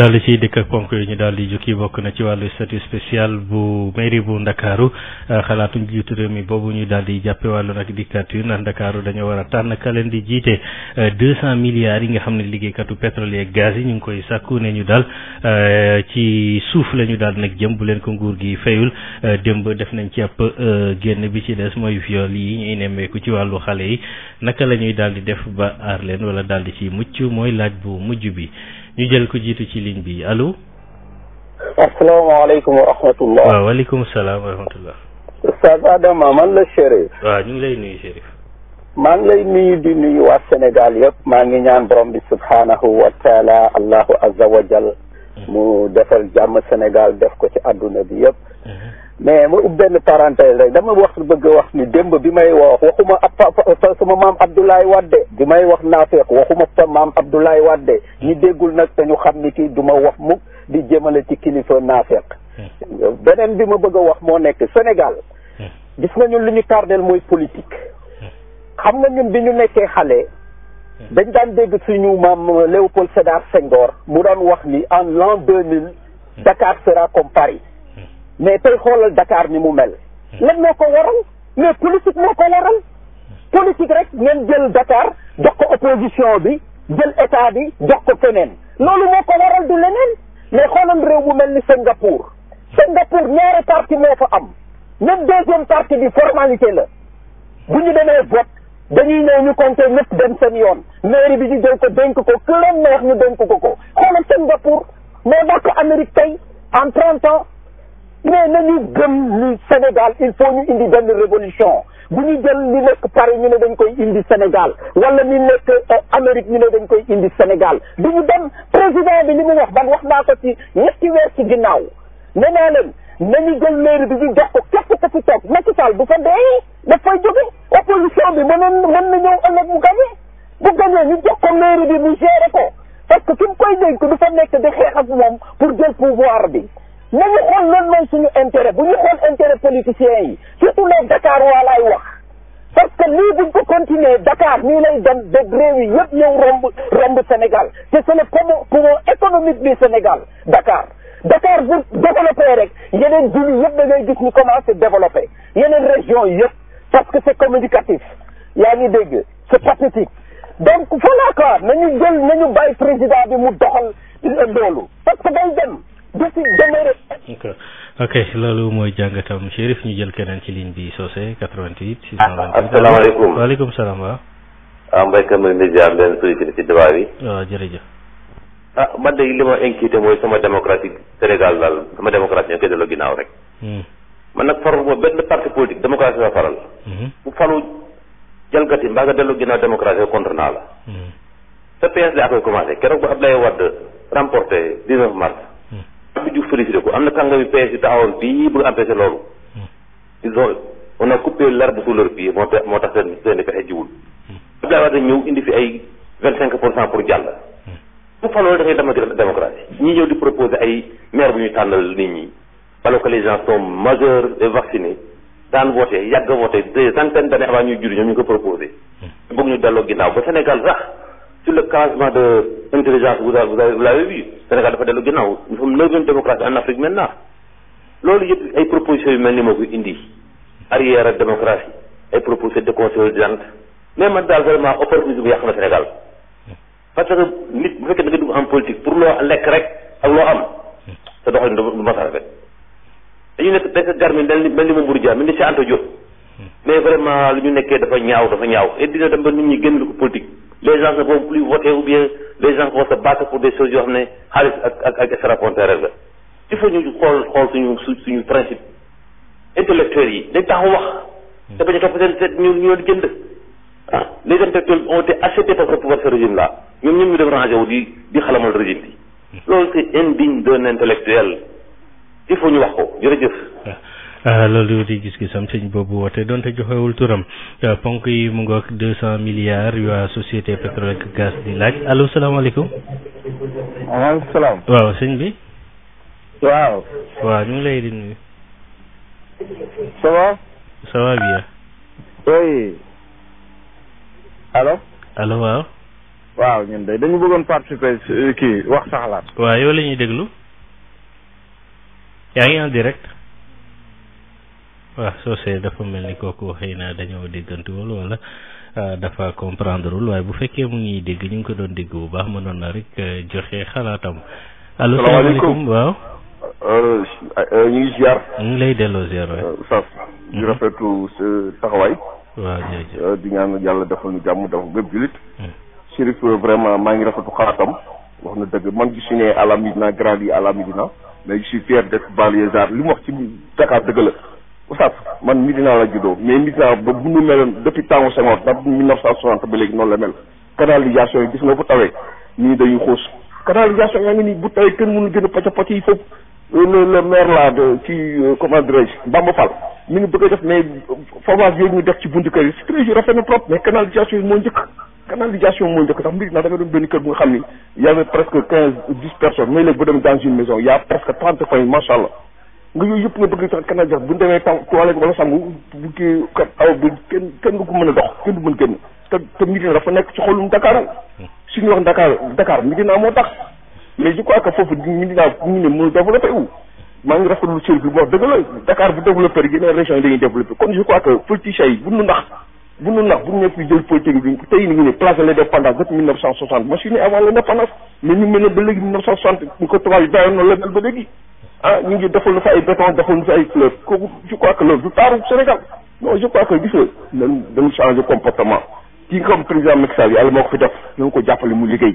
daal di ciy ak ponk yi ñu daal di jukki bokk na ci wàllu statut spécial bu mairie bu ndakaaru euh, xalaatuñ jiitu réew mi boobu ñu daal di jàppe wàllu nag dictature ndax ndakaaru dañoo war a tànn ka leen di jiite euh, deux cent milliards yi nga xam ne liggéeykatu pétrole ak gaz yi ñu ngi koy sàkku ne ñu daal euh, ci suuf lañu ñu daal nag jëm bu leen ko nguur gi fayul démb def nañ ci ab génn bi ci des mooy viol yi ñuy nemmeeku ci wàllu xale yi naka la ñuy daal di def ba aar leen wala daal di ci mucc mooy laaj bu mujj bi ñu jël ko jiitu ci ligne bi allo. asalaamaaleykum wa rahmatullah. waaw waaleykum salaam wa Adama man la Chérif. waaw ñu ngi lay nuyu Chérif. maa lay nuyu di nuyu waa Sénégal yëpp maa ngi ñaan borom bi subhaanahu wa taala allahu azza wa jal mu defal jàmm senegal def ko ci adduna bi yëpp. Mhm. mais ma ub benn parenthèse rek dama wax bëgg wax ni démb bi may wax waxuma ab sama maam Abdoulaye Wade bi may wax naafeeq waxuma sa maam Abdoulaye Wade ñi déggul nag te ñu xam ni kii du ma wax mukk di jëmale ci kilifa naafeeq beneen bi ma bëgg a wax moo nekk Sénégal gis nga ñun li ñu tardeel mooy politique xam nga ñun bi ñu nekkee xale dañ daan dégg suñu maam Léopold Sédar Senghor mu daan wax ni en l'an deux mille Dakar sera comme mais tey xoolal Dakar ni mu mel. lan moo ko waral mais politique moo ko waral. politique rek ngeen jël Dakar jox ko opposition bi jël état bi jox ko keneen loolu moo ko waral du leneen mais xoolal réew mu mel ni Singapour. Singapour ñaari parti moo ko am même deuxième parti bi formalité la bu ñu demee vote dañuy ñëw ñu compter ñëpp dem seen yoon mairie bi ñu jël ko dénk ko ku leen neex ñu dénk ko ko xoolal Singapour moo dàq Amérique tey en trente ans. mais nañu gëm ni Sénégal il faut ñu indi benn révolution bu ñu jël li nekk Paris ñu ne dañ koy indi Sénégal wala li nekk eh, Amérique ñu ne dañ koy indi Sénégal du ñu dem président bi li mu wax wax naa ko ci ñetti weer ci ginnaaw ne naa leen nañu jël mairie bi ñu jox ko képp ku fi toog Macky bu fa dee daf fay jóge opposition bi mënoon mën na ñëw ëllëg mu gagné bu gagné ñu jox ko mairie bi mu géré ko parce que ki mu koy dénk du fa nekk di xeex ak moom pour jël pouvoir bi romb Sénégal te c'est le poumon poumon économique du Sénégal Dakar Dakar bu développé rek yeneen julli yëpp da ngay gis ñu commencé développé yeneen région yëpp parce que c'est communicatif yaa ngi dégg c'est pathétique donc voilà quoi nañu jël nañu bàyyi président bi mu doxal euh, loolu parce que day dem du si demee rek mooy loolu mooy jàngatam Chérif ñu jël keneen ci ligne bi Socé 88 628 ah, ah, asalaamaaleykum waaleykum salaam waaw waaw mbéykat mi ngi ziar leen sollicité de li ma inquiété mooy sama démocratique Sénégal daal sama démocratie ñoo koy delloo ginnaaw rek. Hmm. man nag faru ma benn parti politique démocratie la faral. Hmm. bu falu jalgati mbaa nga delloo ginnaaw démocratie contre naa la. te PS la koy commencé keroog bu Abdoulaye Wade remporté 19 mars. Hmm. Abdou Diouf am na kàngami PS yu taxawoon fii bëgg empêché loolu. on a coupé moo tax moo seen seen pexe jiwul. Abdoulaye Wade ñëw indi fi ay vingt pour cent pour jàll bu faloo da ngay dem démocratie di proposer ay maire bu ñu tànnal nit ñi alors que les gens sont majeurs et vaccinés daan vote yàgg vote des centaines d'années avant ñuy juddu ñoom ñu ko proposé hmm. bëgg ñu delloo ginnaaw ba Sénégal sax sur le classement de intelligence vous avez vous l'avez vu Sénégal dafa dellu ginnaaw nous sommes neuvième démocratie en Afrique maintenant loolu yëpp ay propositions yu mel ni moo koy indi arrière démocratie ay propositions déconsolidantes mais man daal vraiment opportunité bu yàq na Sénégal parce que nit bu fekkee da nga dugg en politique pour loo lekk rek ak loo am sa doxalin du mas a rafet dañu nekk nekk garmi mel ni mel ni Mamadou Dia mel ni Cheikh Anta Diop mais vraiment li ñu nekkee dafa ñaaw dafa ñaaw et dina dem ba nit ñi génn ko politique les gens ne vont plus voter ou bien les gens vont se battre pour des choses yoo xam ne xaalis ak ak ak extrapontaire la il faut ñu xool xool suñu su suñu principe intellectuel yi dañ taxaw wax te bañ a topp seen seet ñu ñu leen jënd ah les intellectuels ont été achetés pour pouvoir régime là ñoom ñoom ñu dem rangé wu di di xalamal régime bi loolu c'est indigne d'un intellectuel il faut ñu wax ko jërëjëf. Ah, ah, loolu di gis-gisam sëñ boobu woote donte joxewul turam ah, ponk yi mu ngoog deux cent milliards yu waa société pétrole ak gaz di laaj allo salaamaaleykum. waaleykum waaw sëñ bi. waaw. waaw ñu lay di nuyu. ça va. ça va allo allo waaw waaw ñun de dañu bëggoon participer euh, kii wax sa xalaat waaw yow déglu yaa ngi en direct waaw soo see dafa mel ni kooku xëy na dañoo déggantuwul wala euh, dafa comprendre wul waaye bu fekkee mu ngi dégg ñu ngi ko doon dégg bu baax mënoon na rek euh, joxe xalaatam allo salaamaaleykum waaw ñu ñu ngi lay delloo ziar waay waa jërëjëf euh, di ñaan yàlla defal ñu jàmm defal bépp jullit. Chérif euh, vraiment maa ngi rafetu xalaatam wax na dëgg man gisuñu ne à la Médina grandi à la Médina mais je suis fier d'être banlieusard li mu wax ci Dakar dëgg la Oustaz man naa la juddoo mais Médina ba bu ñu meloon depuis temps Senghor ndax 1960 ba léegi noonu la mel canalisation yi gis nga bu tawee nii dañuy xuus canalisation yaa ngi nii bu tawee kenn mënu gën a pocc yi foofu Euh, le le maire là de ci euh, comment dirais mi ngi bëgg a def mais euh, forage yooyu ñu def ci buntu kër yi c'est très rafet na trop mais canalisation yi moo njëkk canalisation moo njëkk sax mbir na da nga doon benn kër bu nga xam ni y avait presque quinze dix personnes a presque trente familles macha ñu demee taw toilette wala sangu bu kii kenn kenn du ko mën a dox kenn du mën génn te te Médina dafa nekk ci xolum Dakar hmm. suñu wax Dakar Dakar Médina moo tax mais je crois que foofu ñu ngi naan ñu ne mënul développé wu maa ngi rafetlu Chérif lu mu wax Dakar bu développé rek yeneen régions yi kon je crois que politiciens yi bu nu nax bu nu nax bu ñu nekk jël politique bi tey ñu ngi ne place de l'indépendance depuis 1960 ma suis né avant l'indépendance mais ñu mel ne ba léegi 1960 ñu ko tubaab yi bàyyoon na la mel ba léegi ah ñu ngi que loolu du taaru Sénégal non je crois que gis nga dañu dañu changer comportement ki comme président Macky Sall yàlla moo ko fi def na nga ko jàppale mu liggéey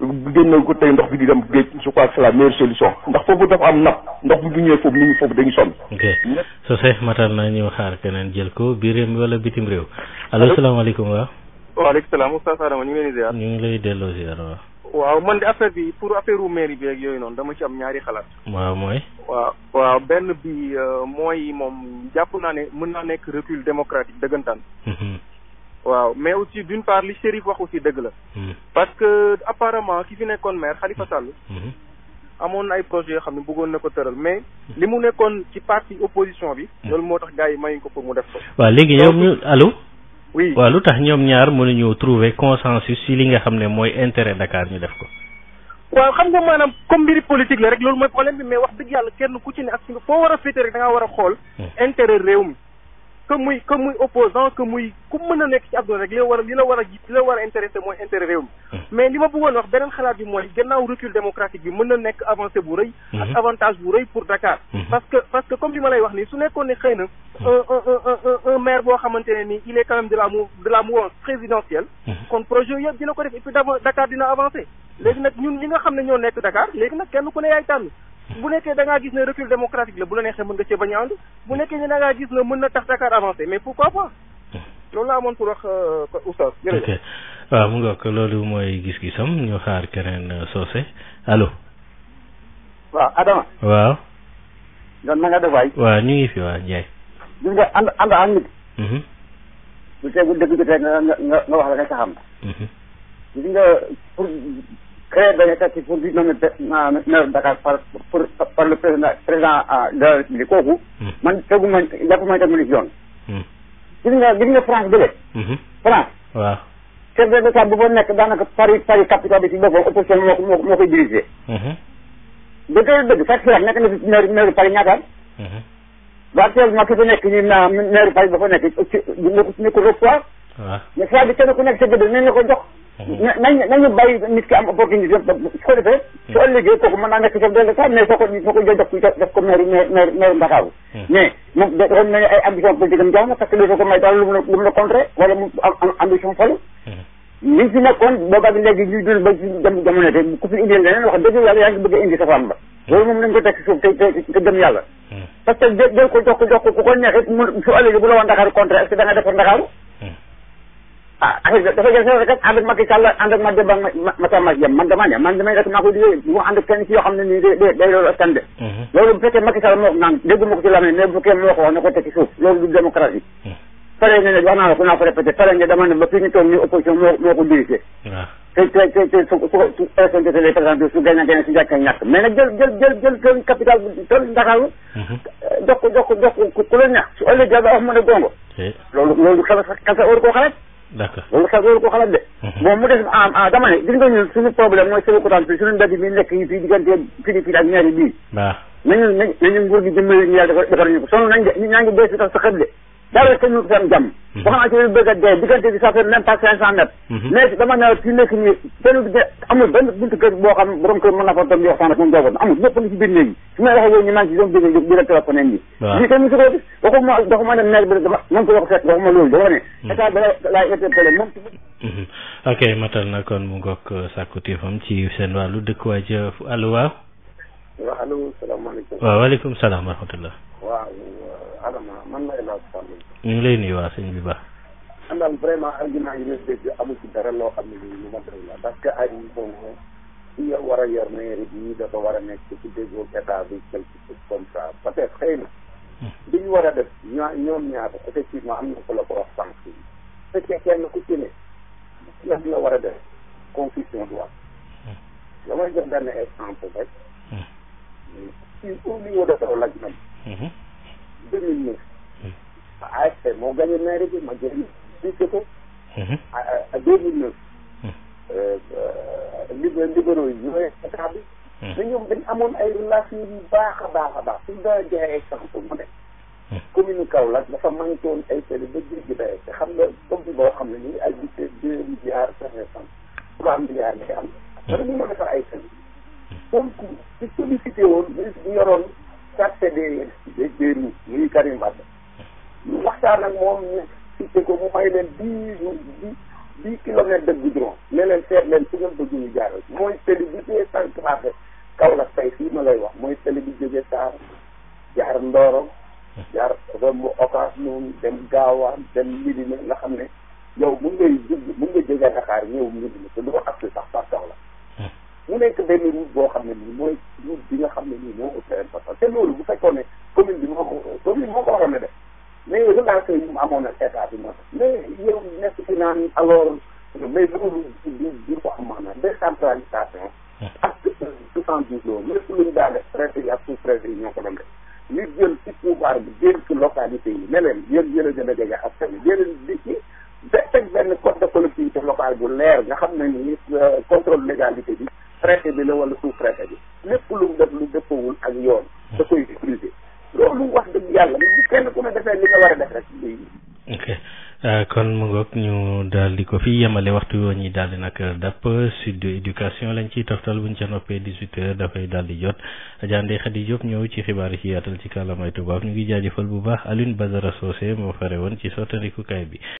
génn ko tey ndox bi di dem géej je crois que c'est la meilleure solution ndax foofu dafa am napp ndox bi bu ñëwee foofu nit ñi foofu dañu sonn. ok soo see matal naa ñu xaar keneen jël ko biir réew mi wala bitim réew. allo salaamaaleykum waaw. waaleykum salaam Oustaz Adama ñu ngi waaw. waaw man de affaire bi pour affaire u mairie bi rek yooyu noonu dama ci am ñaari xalaat. waaw mooy. waaw waaw benn bi euh, mooy moom jàpp naa ne mën naa nekk recul démocratique dëggantaan. Mhm. waaw mais aussi d'une part li Chérif wax aussi dëgg la. Hmm. parce que apparemment ki fi nekkoon maire Khalifa Sall. Hmm. amoon na ay projet yoo xam ne bëggoon na ko tëral mais hmm. li mu nekkoon ci parti opposition bi. loolu moo tax gars yi mayuñ ko pour mu def ko. waaw léegi ñoom ñu allo. oui waaw lu tax ñoom ñaar mënuñu trouver consensus si li nga xam ne mooy intérêt Dakar ñu def ko. waaw xam nga maanaam comme mbiri politique la rek loolu mooy problème bi mais wax dëgg yàlla kenn ku ci ne ak foo a féete rek da ngaa war a xool. intérêt que muy que muy opposant que muy ku mën a nekk ci àdduna rek li la war li la war a li la war a intéressé mooy intérêt réew mi hmm. mais li ma bëggoon wax beneen xalaat bi mooy gannaaw recul démocratique bi mën na nekk avancé bu rëy hmm. ak avantage bu rëy pour Dakar hmm. parce que parce que comme li ma lay wax nii su nekkoon ne xëy na un un maire boo xamante ne nii il est quand même de la mou de la mouvance présidentielle kon projet yëpp dina ko def et puis Dakar dina avancé léegi nag ñun ñi nga xam ne ñoo nekk Dakar léegi nag kenn ku ne yaay tànn bu nekkee dangaa gis ne recul démocratique la bu la neexee mën nga cee bañ a ànd bu nekkee ne da gis ne mën na tax Dakar avancé mais pourquoi pas loolu laa amoon pour wax euh, oustaz jërëjëf ok waaw mu nga ko loolu mooy gis-gisam ñu xaar keneen euh, soose allo waaw Adama waaw ñu ngi fi waaw Ndiaye gis nga ànd ànd a benn taxi pour di nommer maire Dakar par pour par le président président de la République kooku. man tegu ma jàpp ma itam li ci yoon. gis nga gis nga France bële. Mhm. France. waaw chef de l'État bu fa nekk daanaka Paris Paris capitale bi ci boppam opposition bi moo ko moo koy dirigé. dëgg la dëgg sax Chirac nekk na fi maire mhm. maire Paris ñaataat. Mhm. ba actuellement ki fa nekk ñu naa maire Paris ba fa nekk ci nekkul rek quoi. waaw mais Chirac bi kenn ku nekk sa gëdd nañ la ko jox. nañ nañu bàyyi nit ki am opportunité su ko defee su ëllëgee hmm. kooku mën naa nekk chef de l'État mais soo ko may daal lu mu la lu mu la contré mu am ambition folu hmm. liñ fi nekkoon boobaa bi léegi ñuy dund ba ci jamono te ku fi indi leneen wax dëgg yàlla yaa ngi bëgg a indi hmm. ko teg suuf te te gëm yàlla parce que jël ko jox ko jox ko ku ko neexee mu su ëllëgee bu la woon Ndakaaru contré est-ce que ah affaire bi dafa jël kat ànd ak Macky Sall ànd ak Madiambal Massamba Diagne man damaa ne man damay rek maa koy liggéey bu ma ànd ak de mhm. loolu bu fekkee Macky Sall moo ko naan dégguma ko ci lamee mais bu fekkee moo ko wax na ko teg mhm. pare nga ne wax naa la ku ko répété pare nga dama ba fii ñu ni opposition moo moo ko dirigé te te te te su su su SNTC lay présenté su gagné gagné su ñàkk a ñàkk mais capital bi tool Ndakaaru mhm. jox ko a d'accord loolu xel loolu ko xalaat de mhm. mu def am ah dama ne gis nga ñun suñu problème mooy Sébikotane fii suñu mbedd bi nekk yi fii diggante fii fii ak ñaari bii waaw nañu nañu nguur gi dimbali ñu yàlla defar ñu ko sonn nañ de ñaa ngi dee si tax sa xel de dara ka ñu seen jàmm mhm. boo xam ne ci bëgg a dee diggante bi ça fait même pas cinq cent mètres mhm. mais dama ne fi nekk nii kenn amul benn buntu kër boo xam borom kër mën na fa toog di waxtaan ak moom dogoon amul ñëpp ngi ci biir néegi su may waxee yow ñu naan ci doom biir bi la téléphoné yi lii kenn musu ko gis waxuma waxuma ne maire bi dama moom ko wax seet waxuma loolu dama ne mhm. état bi laay interpellé moom ok matal na kon mu ngoog euh, sàkku tiifam ci seen wàllu dëkkuwaay ci euh, allo waaw waaw allo salaamaaleykum waaw waaleykum salaam wa rahmatullah waaw ma man lay laaj Sall. ñu ngi lay nuyuwaat sëñ bi baax. man daal vraiment argument yi nga dégg amul ci dara loo xam ne nii lu ma déglu la parce que ay bon si yow war a yor mairie bi dafa war a nekk ci déggoo état bi quelque chose comme ça peut être xëy na. Hmm. li ñu war a def ñoo ñoom ñaar effectivement am na ku la ko wax sànq yi. bu fekkee kenn ku ci ne. la nga war a def confusion du am. Hmm. damay jox benn exemple rek. ci hmm. 2009. AFP moo gagné maire bi ma génn jiite ko. à 2009. Hmm. Euh, euh, libéraux libéraux yi ñooy état bi. mais ñoom dañ amoon ay relation yu baax a baax a baax daa joxe exemple mu ne. kaw hmm. Kaolack dafa manqué woon ay télé ba jéggi dayoo te xam nga commune boo xam ne ñu ay budget deux milliards am. Hmm. danañu a ay télé. donc ci sollicité woon ñu chargé des des des roues muy Karim Wade ñu waxtaan ak moom ñu cité ko mu may leen dix jours dix dix kilomètres de goudron ne leen seet leen su ngeen bëgg ñu mooy tëli bi jee sànqlaate Kaolack tey fii ma lay wax mooy tëli bi jógee Saar jaar Ndoro jar romb Ocass noonu dem Gaawaan dem Midina nga xam ne yow mun ngay jóg mun nga jógee Dakar ñëw Midina te du ko accès sax par Kaolack mu nekk benn route boo xam ne nii mooy route bi nga xam ne nii moo ëpp importance te loolu bu fekkoon ne commune bi moo ko commune moo ko waroon a def mais relance yi mu amoon ak état bi moo tax mais yow nekk fi naan alors mais loolu du du ko am maanaam décentralisation hmm. ak soixante-douze loolu lépp lu ñu daa def préfet yi ak sous-préfet yi ñoo ko doon def ñu jël ci pouvoir bi jël ci localité yi ne leen yéen yéen a gën a jege askan wi yéen di ci teg benn code de collectivité locale bu leer nga xam ne ni euh, contrôle légalité bi bi la wala lépp lu mu def lu dëppawul ak yoon da koy utiliser loolu wax dëgg yàlla bu kenn ku ne defee li nga war a def rek lii ok euh, kon mu ngoog ñu daal ko fi yemale waxtu woo ñi daal di nag dàpp sud éducation lañ ciy toftal buñ ca noppee 18 heures dafay daal di jot Jande Khady Diop ñëw ci xibaar yi ci yaatal ci kàllaamay tubaab ñu ngi jaajëfal bu baax Alioune Badara Socé moo fare woon ci sottandiku kaay bi